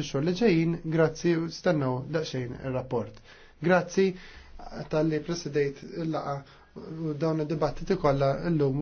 fil xogħol li ġejjin, grazzi u stennew daqsxejn ir-rapport. Grazzi tal-li presidejt il-laqa u dawn id-dibattiti kollha llum.